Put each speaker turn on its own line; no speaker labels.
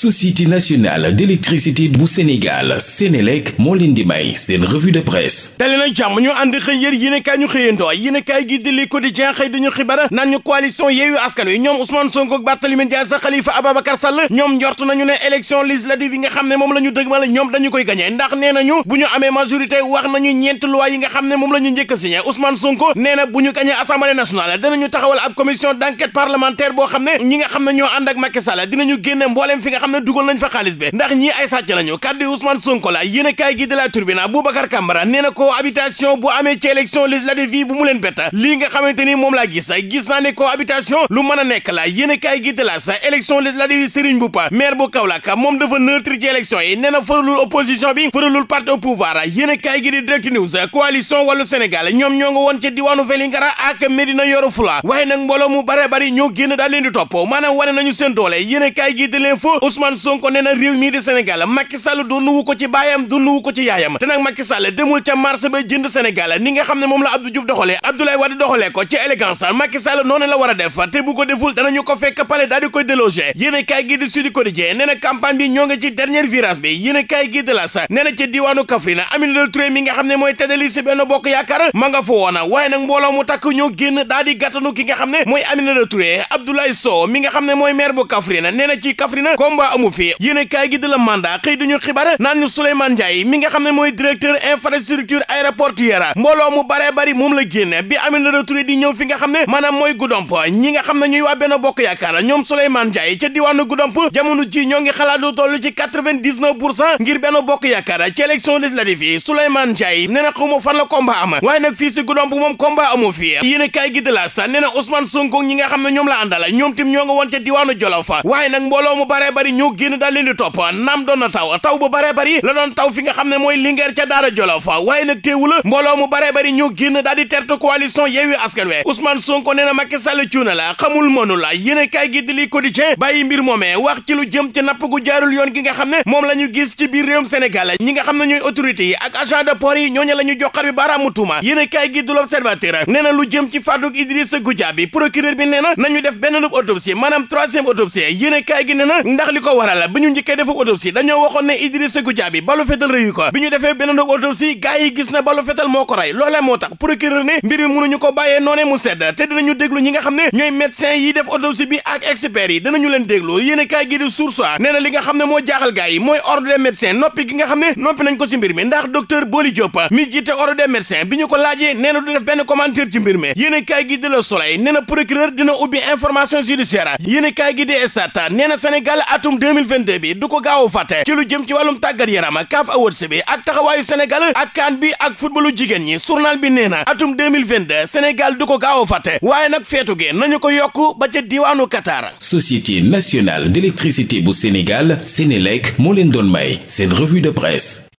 société nationale d'électricité bu Sénégal Sénélec moo leen di may de presse dali jàmm ñu ànd xëy yër yéen a kaay ñu xëyandoo yéen a kaay gi di Le Quotidien xëy dañu xibaar naan ñu coalition Yewwi Askan Wi ñoom Ousmane Sonko ak Barthélémy Dias Khalifa Ababacar Sall ñoom njort nañu ne élection législative yi nga xam ne moom la ñu dëgmal ñoom dañu koy gagné ndax nee nañu bu ñu amee majorité wax nañu ñeent loi yi nga xam ne moom la njëkk signé Ousmane na bu ñu gagné Assemblée nationale dinañu taxawal ab commission d'enquête parlementaire boo xam nga xam xam ne dugal nañ ndax ñii ay sàcc lañu kàddu Ousmane Sonko la yéen a kaay gi de la Tribune Boubacar Camara nee bu amee ci élection législative yi bu mu leen bett lii nga xamante ni moom laa gis gis naa ne cohabitation lu mën nekk la yéen a kaay la sa élection législative yi Serigne Boupa maire bu Kaolack moom dafa neutre ci élection yi nee na faralul opposition bi faralul parti au pouvoir yéen a kaay gi di Direct News coalition wàllu man Sonko nee na réew mii di Sénégal Macky du nuwu ko ci baayam du nuwu ko ci yaayam te nag Macky Sall demul ca marché ba jënd Sénégal ni nga xam ne moom la Abdou Diouf doxalee Abdoulaye Wade ko ci élégance Macky Sall la war a def te bu ko deful danañu ko fekk palais daal di koy délogé yéene kaay gi di Sud Quotidien nee na campagne bi ñoo ngi ci dernier virage bi yéene kaay gi la sa nee ci diwaanu Kaffrine Aminata Touré mi nga xam ne mooy teddali si benn bokk yaakaar ma nga fa woona waaye nag mbooloo mu ne mooy Aminata Touré Abdoulaye mooy maire bu Kaffrine amu fi yéen kaay gi di la mandat xëy duñu xibaar naan ñu Souleymane Ndiaye mi nga xam ne mooy directeur infrastructure aéroportuaire mbooloo mu baree bari moom la génne bi Aminata Touré di ñëw fi nga xam ne maanaam mooy Goudomp ñi nga xam ne ñuy waa Benno Bokk Yaakaar ñoom Souleymane Ndiaye ca diwaanu Goudomp jamono ji ñoo ngi xalaat lu toll ci 99 pour cent ngir Benno Bokk Yaakaar ci élection la yi Souleymane Ndiaye nee na xawma fan la combat am waaye nag fii si Goudomp gi di la sa nee na Ousmane Sonko ñi nga xam ne ñoom la àndal ñoom tim ñoo nga woon ca diwaanu Jolof waaye nag mbooloo mu baree bari ñoo génn daal leen di topp naam doon na taw taw bu baree bari la doon taw fi nga xam ne mooy Linguère ca Daara Jolof waaye nag teewul mbooloo mu baree bari ñoo génn daal di tertu coalition Yewwi Askan Wi Ousmane Sonko nee na Macky Sall cuuna la xamul mënu la yéen kaay gi di li quotidien bàyyi mbir moomee wax ci lu jëm ci napp gu yoon gi nga xam ne moom la ñu gis ci biir réewum Sénégal ñi nga xam ne ñooy autorités yi ak agent de port yi ñooñu la ñu joxar bi baaraamu tuuma yéen kaay gi du l'Observateur nee na lu jëm ci faatug Idrissa Goudiaby bi procureur bi nee na nañu def benn autopsie maanaam troisième autopsie yéen kaay gi nee na li ko waral bi ñu njëkkee defa autopsie dañoo waxoon ne Idrissa Goudiaby balu fetal rëyu ko bi ñu defee beneen autopsie gars yi gis na balu fetal moo ko rey loolee moo tax procureur ne mbir mi mënuñu ko bàyyee noonee mu sedd te dinañu déglu ñi nga xam ne ñooy médecin yi def autopsie bi ak experts yi dinañu leen déglu yéen a kaay di source nee li nga xam ne moo jaaxal gars yi mooy ordre des médecins noppi gi nga xam ne noppi nañ ñu ko laajee mi yéen a atum 2022 bi du ko gaaw a fàtte ci lu jëm ci wàllum tàggat yaram a Awards bi ak taxawaayu Sénégal ak CAN bi ak footballu jigéen ñi journal bi nee na atum 2022 Sénégal du ko gaaw a fàtte waaye nag feetu gi nañu ko yokk ba ca diwaanu Qatar. Société nationale d'électricité bu Sénégal Sénélec moo leen doon may seen revue de presse.